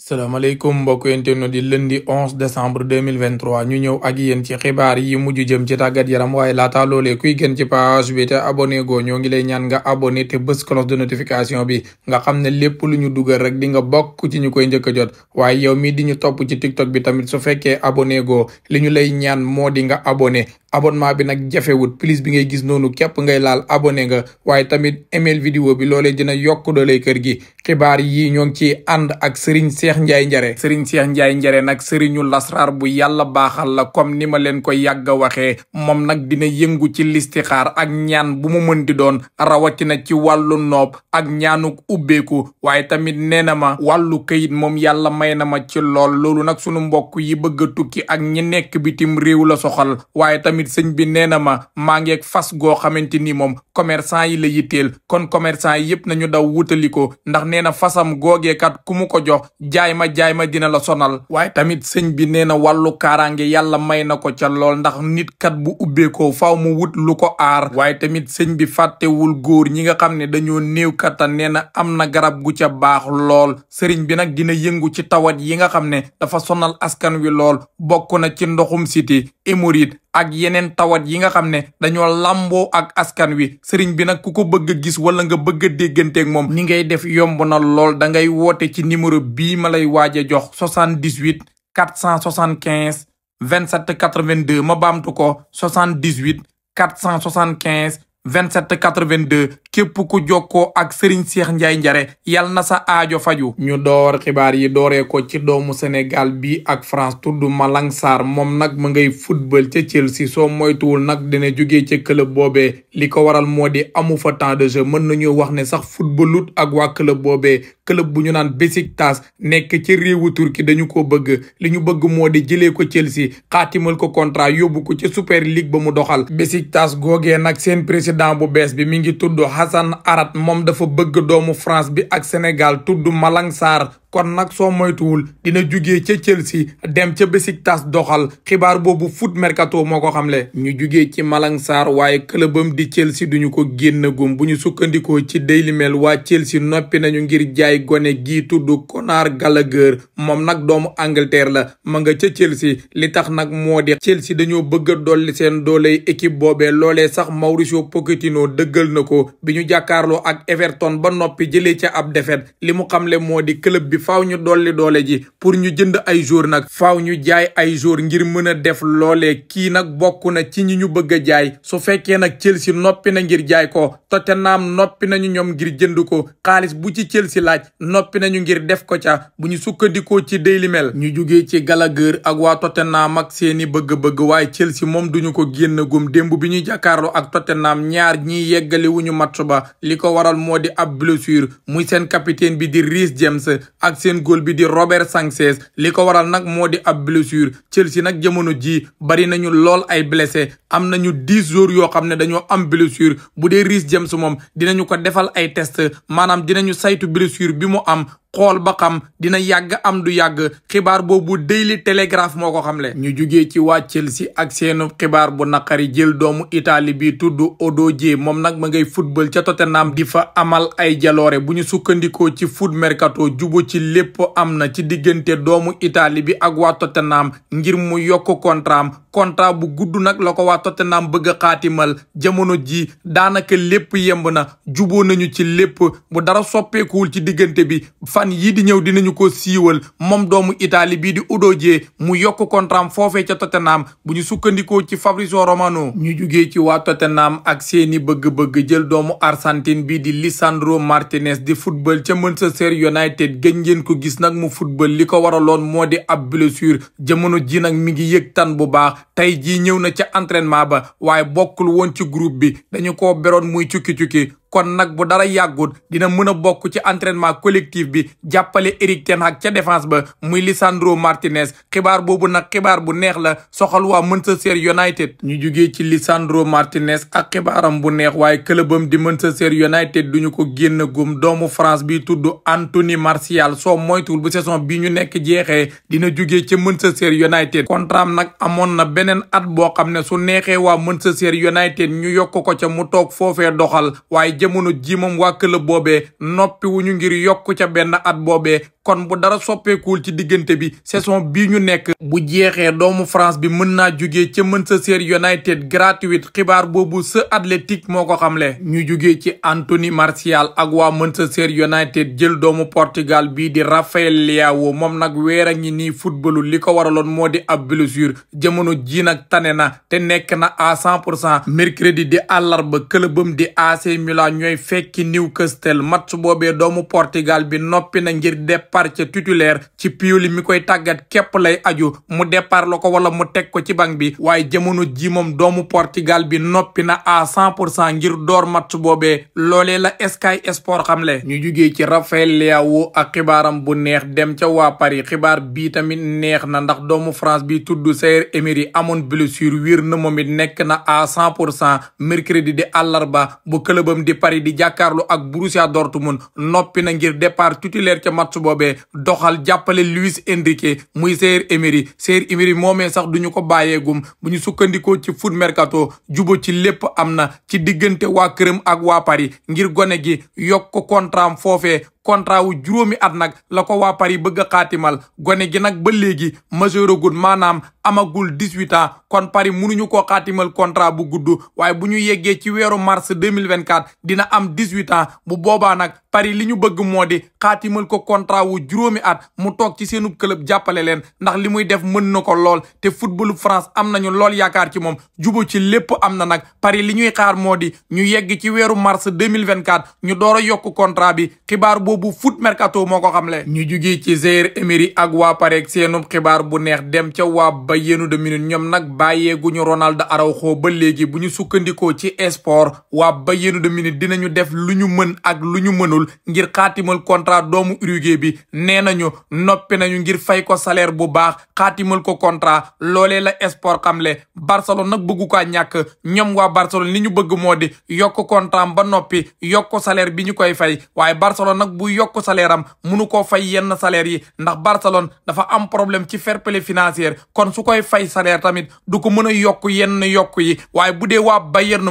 salaamaaleykum mbokk internet di lundi 11 décembre 2023 ñu ñëw ak yéen ci xibaar yi mujj jëm ci tàggat yaram waaye laata loolee kuy gën ci page bi te go ñoo ngi lay ñaan nga abonné te bës cloche de notification bi nga xam ne lépp lu ñu dugal rek di nga bokk ci ñu koy njëkk a jot waaye yow mii di ñu topp ci tiktok bi tamit su fekkee abonné go li ñu lay ñaan moo di nga abonné abonnement bi nag jafewut plus bi ngay gis noonu képp ngay laal abone nga waaye tamit email vidéo bi loole dina yokk doole kër gi xibaar yii ñoo ngi ci ànd ak Serigne Cheikh Ndiaye Njare Serigne Cheikh Ndiaye Njare nag Serigne lasraar bu yàlla baaxal la comme ni ma leen ko yàgg a waxee moom nag dina yëngu ci listixaar ak ñaan bu ma mën di doon rawatina ci wàllu noob ak ñaanuk ubbeeku waaye tamit nee na ma wàllu këyit moom yàlla may na ma ci lool loolu nag sunu mbokk yi bëgg a tukki ak ñi nekk bitim réew la soxal tamit bi nee na ma maa ngeeg fas goo xamante ni moom commerçant yi la yitteel kon commerçant yi yëpp nañu daw wutali ko ndax nee na fasam googeekat ku mu ko jox jaay ma jaay ma dina la sonal waaye tamit sëñ bi nee na wàllu kaaraange yàlla may na ko ca lool ndax nit kat bu ubbeekoo faw mu wut lu ko aar waaye tamit sëñ bi fàttewul góor ñi nga xam ne dañoo néew kattan nee na am na garab gu ca baax lool sëriñ bi nag dina yëngu ci tawat yi nga xam ne dafa sonal askan wi lool bokk ci ndoxum ak yeneen tawat yi nga xam ne dañoo lamboo ak askan wi sëriñ bi nag ku ko bëgg gis wala nga bëgg a dégganteeg moom ni ngay def yomb na lool da ngay woote ci numéro bii ma lay waaj a jox 78 475 27 82 ma baamtu ko 78 475 27 82 képp ku jokkoo ak Serigne Cheikh Ndiaye Njare yal na sa aajo faju ñu door xibaar yi dooree ko ci doomu Sénégal bi ak France tudd Malang Sarr moom nag mu ngay football ca Chelsea soo moytuwul nag dina jógee ci club boobee li ko waral moo di amu fa temps de jeu mën na nañu wax ne sax footballut ak waa club boobee club bu ñu naan Besiktas nekk ci réewu Turki dañu ko bëgg li ñu bëgg moo di jëlee ko Chelsea xaatimal ko contrat yóbbu ko ci Super League ba mu doxal Besiktas googee nag seen président bu bees bi mi ngi tudd Hassan Arat moom dafa bëgg doomu France bi ak Sénégal tudd Malang kon nag soo moytuwul dina jugee ca Chelsea dem ca Besiktas doxal xibaar boobu foot mercato moo ko xamle ñu jugee ci Malang Sarr waaye clubam di Chelsea duñu ko génn gum bu ñu sukkandikoo ci Daily Mail waa Chelsea noppi nañu ngir jaay gone gii tudd Conor Gallagher moom nag doomu Angleterre la ma nga ca Chelsea li tax nag moo di Chelsea dañoo bëgg dolli seen dooley équipe boobe loolee sax Mauricio Pochettino dëggal na ko bi ñu jàkkaarloo ak Everton ba noppi jëlee ca ab défaite li mu xamle moo di club bi faw ñu dolli doole ji pour ñu jënd ay jour nag faw ñu jaay ay jour ngir mën a def loole kii nag bokk na ci ñi ñu bëgg a jaay su fekkee nag Chelsea noppi na ngir jaay ko Tottenham noppi nañu ñoom ngir jënd ko kaalis bu ci Chelsea laaj noppi nañu ngir def ko ca bu ñu sukkandikoo ci Daily Mail ñu jugee ci Gallagher ak waa Tottenham ak seeni bëgg-bëgg waaye Chelsea moom duñu ko génn gum démb bi ñuy jàkkaarloo ak Tottenham ñaar ñiy yeggali wuñu match ba li ko waral moo di ab muy seen capitaine bi di Reece James ak seen góol bi di Robert Sanchez li ko waral nag moo di ab blessure Chelsea nag jamono jii bari nañu lool ay blessé am nañu dix jours yoo xam ne dañoo am blessure bu dee Reece James moom dinañu ko defal ay test maanaam dinañu saytu blessure bi mu am xool ba xam dina yàgg am du yàgg xibaar boobu Daily Telegraph moo ko xamle ñu jugee ci waa Chelsea ak seenu xibaar bu naqari jël doomu itali bi odo Odoje moom nag ma ngay football ca Tottenham di fa amal ay jaloore bu ñu sukkandikoo ci foot mercato jubo ci lépp am na ci diggante doomu itali bi ak waa Tottenham ngir mu yokk kontraam contrat bu gudd nag la ko waa Tottenham bëgg a xaatimal jamono ji daanaka lépp yemb na juboo nañu ci lépp bu dara soppeekuwul ci diggante bi fan yii di ñëw dinañu ko siiwal moom doomu itali bii di Udogie mu yokk contrat am foofee ca Tottenham bu ñu sukkandikoo ci Fabrizio Romano ñu jugee ci waa Tottenham ak seeni bëgg-bëgg jël doomu Argentine bii di Lisandro Martinez di football ca Manchester United gën ngeen ko gis nag mu football li ko waraloon moo di ab blessure jamono ji nag mi ngi yëg tan bu baax tey jii ñëw na ca entraînement ba waaye bokkul woon ci groupe bi dañu ko beroon muy cukki-cukki kon nag bu dara yàggut dina mën a bokk ci entraînement collective bi jàppale Eric Ten Hag ca defence ba muy Lisandro Martinez xibaar boobu nag xibaar bu neex la soxal waa Manchester United. ñu jugee ci Lisandro Martinez ak xibaaram bu neex waaye këlëbam di Manchester United duñu ko génn gum doomu France bi tudd Anthony Martial soo moytuwul bu saison bi ñu nekk jeexee dina jugee ci Manchester United. kontraam nag amoon na beneen at boo xam ne su neexee waa Manchester United ñu yokk ko ca mu toog foofee doxal jamono ji moom waa club boobee noppi wu ñu ngir yokku ca benn at boobee kon bu dara soppeekuwul ci diggante bi saison bii ñu nekk bu jeexee doomu France bi mën naa jugee ca Manchester United gratuite xibaar boobu sa Athletic moo ko xamle ñu juge ci Anthony Martial ak waa Manchester United jël doomu Portugal bii di Rafael Leao moom nag weer a ngi nii footballu li ko waraloon moo di ab blessure jamono ji nag tane na te nekk na à cent pour cent mercredi di àllarba clubam di AC Espagne ñooy fekki Newcastle match boobee doomu Portugal bi noppi na ngir départ ca titulaire ci Pioli mi koy tàggat képp lay aju mu départ la ko wala mu teg ko ci banc bi waaye jamono ji moom doomu Portugal bi noppi na à cent pour cent ngir door match boobee loolee la Sky Sport xamle ñu jugee ci Raphaël Leao ak xibaaram bu neex dem ca waa Paris xibaar bii tamit neex na ndax doomu France bi tudd Sayer Emery amon blessure wér na moom it nekk na à cent pour cent mercredi di àllarba bu Paris di jàkkaarlu ak Borussia Dortmund noppi na ngir départ titulaire ca match boobee doxal jàppale Luis Enrique muy Seer Emery Seer Emery moomee sax duñu ko bàyyeegum bu ñu sukkandikoo ci foot mercato jubo ci lépp am na ci diggante waa këram ak waa pari ngir gone gi yokk ko contrat foofee contrat wu juróomi at nag la ko wa pari bëgg a xaatimal gone gi nag ba léegi majeur agul maanaam amagul dix-huit ans kon pari mënuñu koo xaatimal contrat bu gudd waaye bu ñu yeggee ci weeru mars deux mille vingt-quatre dina am dix-huit ans bu boobaa nag Paris li ñu bëgg moo di xaatimal ko contrat wu juróomi at mu toog ci seenu club jàppale leen ndax li muy def mën na ko lool te footballu France am nañu lool yaakaar ci moom jubo ci lépp am na nag Paris li ñuy xaar moo di ñu yegg ci weeru mars 2024 ñu door a yokk contrat bi xibaar boobu foot mercato moo xam xamle ñu jugee ci Zaïre Emery ak waa Paris seenub xibaar bu neex dem ca waa Bayern de Munich ñoom nag bàyyeeguñu Ronald Araujo ba léegi bu ñu sukkandikoo ci sport waa Bayern de Munich dinañu def lu ñu mën ak lu ñu mënul jëlul ngir xaatimal contrat doomu Uruguay bi nee nañu noppi nañu ngir fay ko salaire bu baax xaatimal ko contrat loolee la sport xamle Barcelone nag bëggu kaa ñàkk ñoom waa Barcelone ni ñu bëgg moo di yokk contrat ba noppi yokk salaire bi ñu koy fay waaye Barcelone nag bu yokk salaire am munu koo fay yenn salaire yi ndax Barcelone dafa am problème ci fer play financier kon su koy fay salaire tamit du ko mën a yokk yenn yokk yi waaye bu dee waa Bayern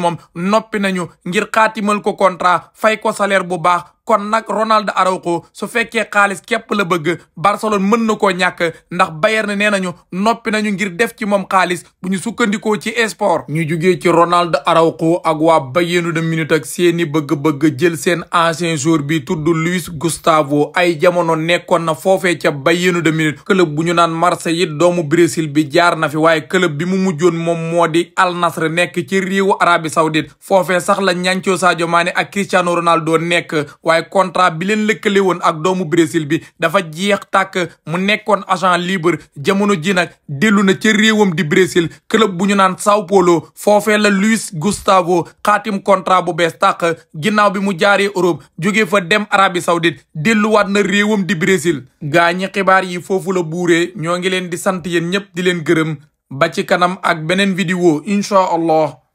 bu baax kon nag Ronald ko su fekkee xaalis képp la bëgg Barcelone mën na koo ñàkk ndax Bayern nee nañu noppi nañu ngir def ci moom xaalis bu ñu sukkandikoo ci sport ñu jugee ci Ronald Araujo ak waa Bayern de Munich ak seeni bëgg-bëgg jël seen ancien joueur bi tudd Luis Gustavo ay jamono nekkoon na foofee ca Bayern de Munich club bu ñu naan Marseille it doomu Brésil bi jaar na fi waaye club bi mu mujjoon moom moo di Al Nassr nekk ci réewu Arabie Saoudite foofee sax la ñancoo Sadio Mané ak Cristiano Ronaldo nekk waaye contrat bi leen lëkkale woon ak doomu Brésil bi dafa jeex takk mu nekkoon agent libre jamono ji nag dellu na ca réewam di Brésil club bu ñu naan Sao Paulo foofee la Luis Gustavo kaatim contrat bu bees tàkk ginnaaw bi mu jaaree Europe jóge fa dem Arabie Saoudite delluwaat na réewam di Brésil gaañi xibaar yi foofu la buuree ñoo ngi leen di sant yéen ñëpp di leen gërëm ba ci kanam ak beneen vidéo incha allah